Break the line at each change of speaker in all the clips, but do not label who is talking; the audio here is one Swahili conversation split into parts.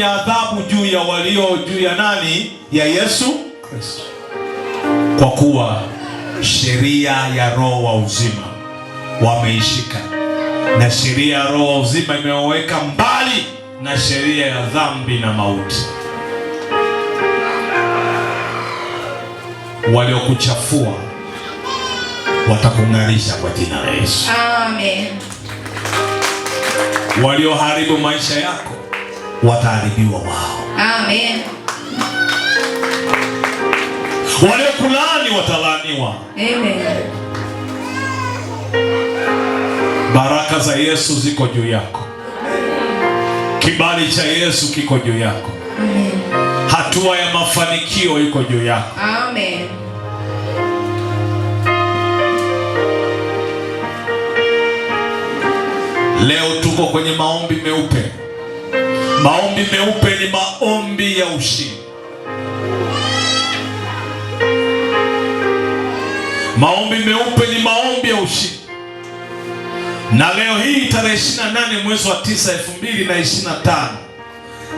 ya adhabu juu ya walio juu ya nani? Ya Yesu Kristo, kwa kuwa sheria ya roho wa uzima wameishika, na sheria ya roho wa uzima imewaweka mbali na sheria ya dhambi na mauti. Waliokuchafua watakung'arisha kwa jina la Yesu. Amen. Walioharibu maisha yako wataharibiwa wao. Amen. Waliokulaani watalaaniwa. Amen. Baraka za Yesu ziko juu yako. Kibali cha Yesu kiko juu yako. Hatua ya mafanikio iko juu yako. Amen. Leo tuko kwenye maombi meupe. Maombi meupe ni maombi ya ushindi. Maombi meupe ni maombi ya ushindi. Na leo hii tarehe 28 mwezi wa 9 2025,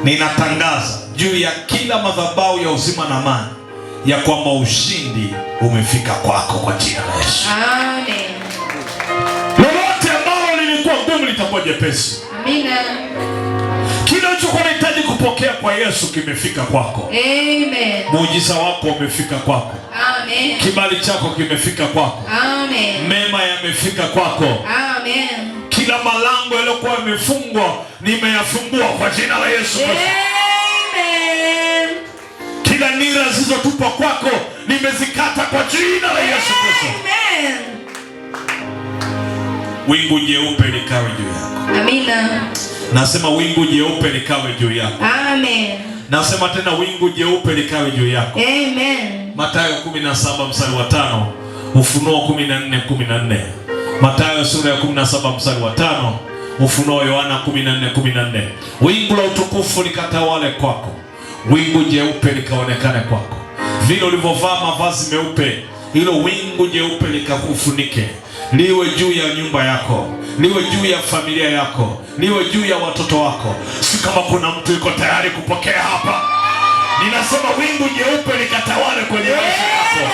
ninatangaza juu ya kila madhabahu ya uzima na amani ya kwamba ushindi umefika kwako kwa jina la Yesu.
Amen.
Lolote ambalo lilikuwa gumu litakuwa jepesi. Amina kupokea kwa Yesu kimefika kwako.
Amen.
Muujiza wako umefika kwako. Amen. Kibali chako kimefika kwako.
Amen.
Mema yamefika kwako. Amen. Kila malango yaliyokuwa yamefungwa nimeyafungua kwa jina la Yesu Amen. Kila nira zilizotupwa kwako nimezikata kwa jina la Yesu Kristo.
Amen.
Wingu jeupe likawe juu yako. Amina. Nasema wingu jeupe likawe juu yako. Amen. Nasema tena wingu jeupe likawe juu yako.
Amen.
Mathayo 17 mstari wa 5, Ufunuo 14 14. Mathayo sura ya 17 mstari wa 5, Ufunuo Yohana 14 14. Wingu la utukufu likatawale kwako. Wingu jeupe likaonekane kwako. Vile ulivyovaa mavazi meupe, hilo wingu jeupe likakufunike. Liwe juu ya nyumba yako niwe juu ya familia yako, niwe juu ya watoto wako. Si kama kuna mtu yuko tayari kupokea hapa, ninasema wingu jeupe likatawale kwenye maisha yako.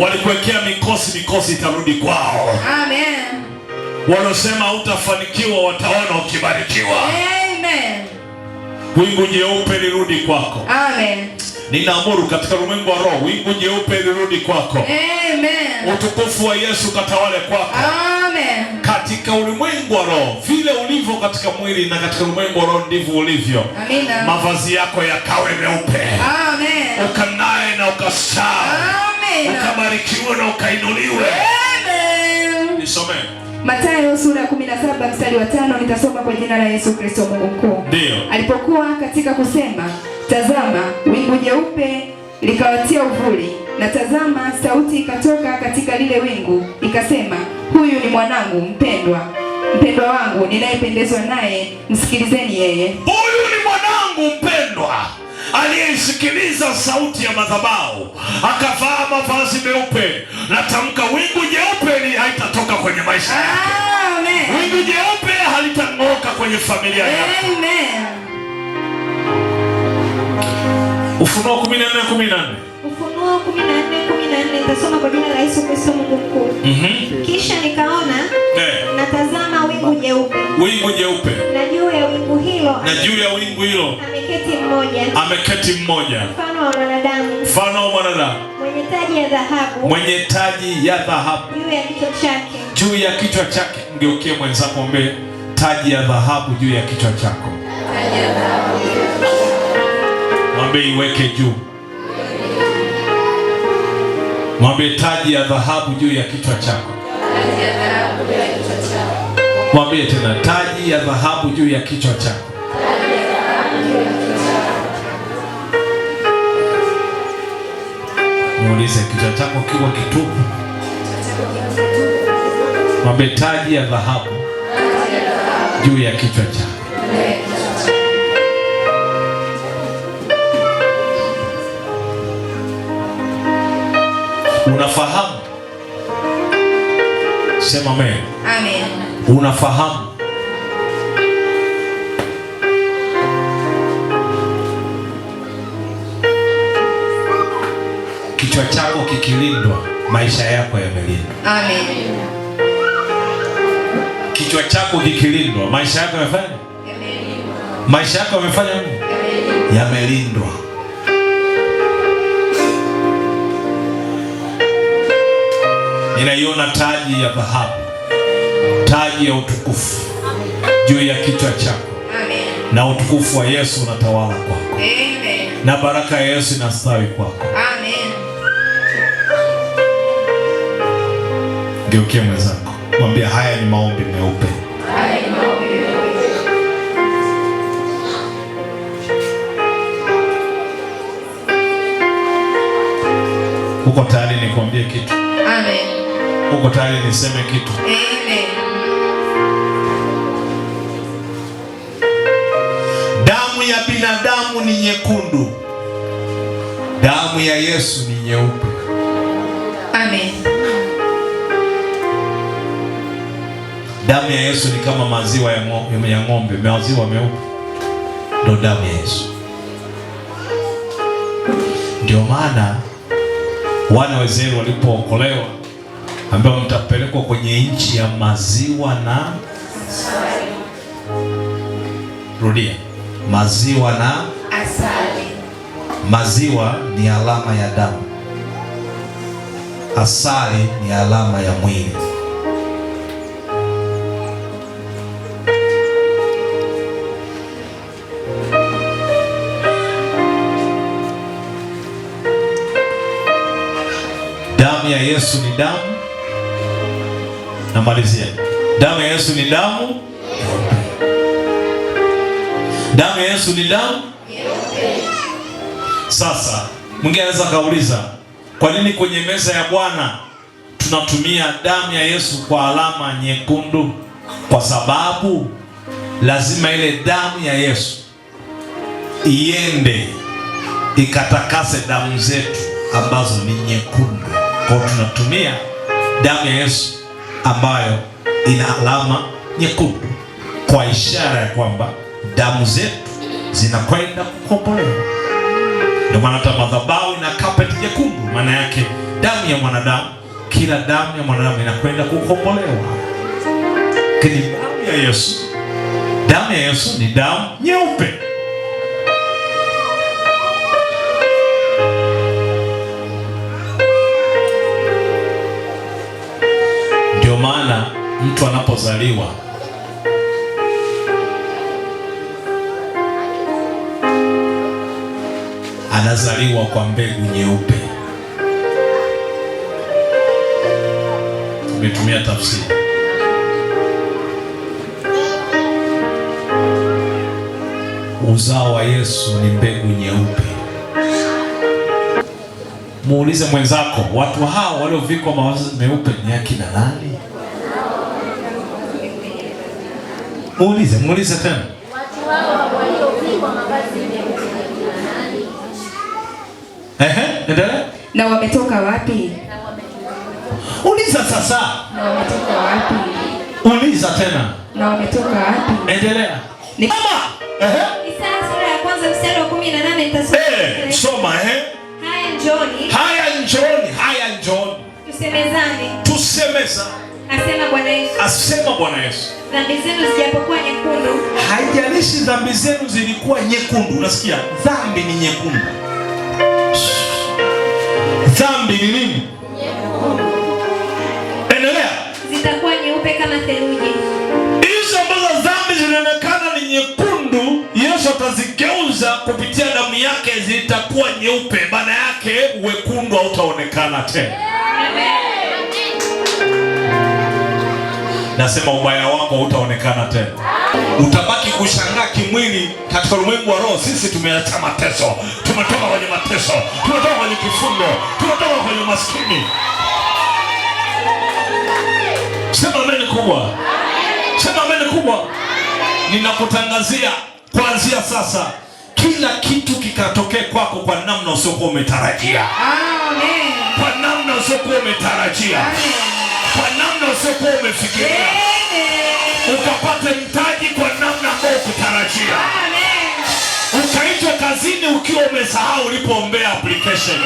Walikuwekea mikosi, mikosi itarudi kwao. Amen. Wanaosema hautafanikiwa wataona ukibarikiwa. Wingu jeupe lirudi kwako.
Amen.
Ninaamuru katika ulimwengu wa roho wingu jeupe lirudi kwako.
Amen.
Utukufu wa Yesu katawale kwako.
Amen. Amen.
Katika ulimwengu wa roho, vile ulivyo katika mwili na katika ulimwengu wa roho ndivyo ulivyo. Amina. Mavazi yako yakawe meupe.
Amen.
Ukanae na ukasaa.
Amen.
Ukabarikiwe na ukainuliwe.
Amen.
Nisome.
Mathayo sura ya 17 mstari wa 5, nitasoma kwa jina la Yesu Kristo Mungu mkuu. Ndio. Alipokuwa katika kusema, tazama wingu jeupe likawatia uvuli na tazama, sauti ikatoka katika lile wingu ikasema, huyu ni mwanangu mpendwa, mpendwa wangu ninayependezwa naye, msikilizeni yeye.
Huyu ni mwanangu mpendwa aliyeisikiliza sauti ya madhabahu akavaa mavazi meupe. Natamka wingu jeupe ni haitatoka kwenye maisha yake. Wingu jeupe halitang'oka kwenye familia yake. Amen. Ufunuo 14:14
Ufunuo kumi na nne kumi na nne itasoma kwa jina la Yesu Kristo Mungu mkuu. Mhm. Kisha nikaona eh. natazama wingu jeupe,
wingu jeupe,
na juu ya wingu hilo,
na juu ya wingu hilo
ameketi mmoja,
ameketi mmoja
mfano wa mwanadamu,
mfano wa mwanadamu,
mwenye taji ya dhahabu,
mwenye taji ya dhahabu
juu ya kichwa chake,
juu ya kichwa chake. Mgeukie mwenzako, taji ya dhahabu juu ya kichwa chako, taji iweke juu Mwambie taji ya dhahabu juu ya kichwa chako. Mwambie tena taji ya dhahabu juu ya kichwa chako. Muulize kichwa chako kiwa kitupu. Mwambie taji ya dhahabu juu ya kichwa chako. Unafahamu? Sema amen.
Amen.
Unafahamu? Kichwa chako kikilindwa, maisha yako yamelindwa.
Amen.
Kichwa chako kikilindwa, maisha yako yamefanya? Yamelindwa. Maisha yako yamefanya nini? Yamelindwa. ninaiona taji ya dhahabu, taji ya utukufu juu ya kichwa chako na utukufu wa Yesu unatawala kwako na baraka ya Yesu inastawi kwako
Amen.
Geukie mwenzako, mwambia haya ni maombi meupe. Uko tayari nikuambie kitu? Amen. Uko tayari niseme kitu?
Amen.
Damu ya binadamu ni nyekundu, damu ya Yesu ni nyeupe. Amen. Damu ya Yesu ni kama maziwa ya ng'ombe, maziwa meupe ndo damu ya Yesu. Ndio maana wana wa Israeli walipookolewa ambayo mtapelekwa kwenye nchi ya maziwa na rudia, maziwa na
asali.
Maziwa ni alama ya damu, asali ni alama ya mwili. Damu ya Yesu ni damu Namalizia, damu ya Yesu ni damu, damu ya Yesu ni damu. Sasa mwingine anaweza kauliza, kwa nini kwenye meza ya Bwana tunatumia damu ya Yesu kwa alama nyekundu? Kwa sababu lazima ile damu ya Yesu iende ikatakase damu zetu ambazo ni nyekundu, kwa tunatumia damu ya Yesu ambayo ina alama nyekundu kwa ishara ya kwamba damu zetu zinakwenda kukombolewa. Ndio maana hata madhabahu na carpet nyekundu, maana yake damu ya mwanadamu, kila damu ya mwanadamu inakwenda kukombolewa, lakini damu ya Yesu, damu ya Yesu ni damu nyeupe. Ndio maana mtu anapozaliwa anazaliwa kwa mbegu nyeupe. Tumetumia tafsiri uzao wa Yesu ni mbegu nyeupe muulize mwenzako, watu hao waliovikwa mavazi meupe ni akina nani? Muulize, muulize tena, Ehe, endelea.
Na wametoka wapi?
Uliza sasa.
Na wametoka wapi?
Uliza tena.
Na wametoka wapi?
Endelea. Ni kama ehe,
Isaya sura ya kwanza mstari wa 18 itasoma.
Eh, soma ehe.
Haya, njoni
njooni, haya njooni,
tusemezane,
tusemezane
Asema Bwana Yesu,
asema Bwana Yesu,
dhambi zenu zijapokuwa nyekundu.
Haijalishi dhambi zenu zilikuwa nyekundu. Unasikia, dhambi ni nyekundu. Dhambi ni nini? Endelea.
Zitakuwa nyeupe kama theluji.
Hizo ambazo dhambi zinaonekana ni nyekundu, Yesu atazigeuza kupitia damu yake, zitakuwa nyeupe. Maana yake yake wekundu hautaonekana tena. Nasema ubaya wako hautaonekana tena, utabaki kushangaa kimwili katika ulimwengu wa roho. Sisi tumeacha mateso, tumetoka kwenye mateso, tumetoka kwenye kifungo, tumetoka kwenye maskini. Sema ameni kubwa, sema ameni kubwa. Ninakutangazia kuanzia sasa kila kitu kikatokee kwako kwa namna usiokuwa umetarajia, kwa namna usiokuwa umetarajia, kwa namna usiokuwa umefikiria, ukapate mtaji kwa namna ambayo ukutarajia, ukaitwa kazini ukiwa umesahau ulipoombea application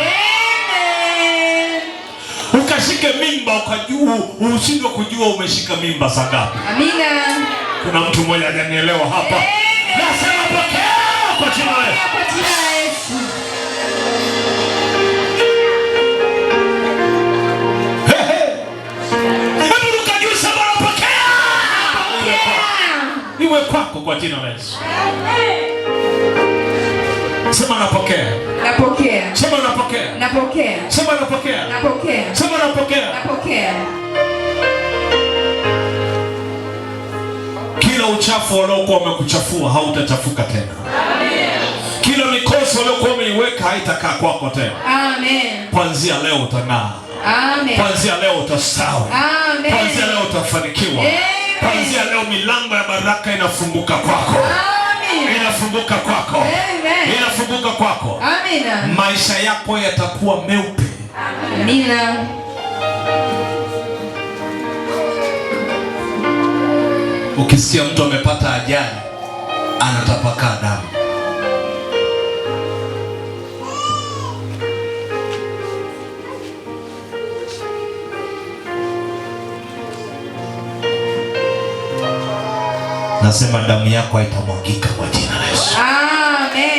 ukashike mimba ukajua ushindwe kujua umeshika mimba saa ngapi.
Amina.
Kuna mtu mmoja ajanielewa hapa? Hey kwa jina
la Yesu.
Iwe kwako kwa jina la Yesu. Sema napokea.
Napokea.
Sema napokea. Napokea. Sema napokea. Napokea. Sema napokea. Napokea. Kila uchafu waliokuwa wamekuchafua hautachafuka tena. Nafasi waliokuwa umeiweka haitakaa kwako tena.
Amen.
Kuanzia leo utang'aa. Amen. Kuanzia leo utastawi.
Amen.
Kuanzia leo utafanikiwa. Kuanzia leo milango ya baraka inafunguka kwako.
Amen.
Inafunguka kwako.
Amen.
Inafunguka kwako.
Amen.
Maisha yako yatakuwa meupe.
Amen.
Ukisikia mtu amepata ajali anatapakaa damu anasema damu yako haitamwagika kwa jina la Yesu.
Ah.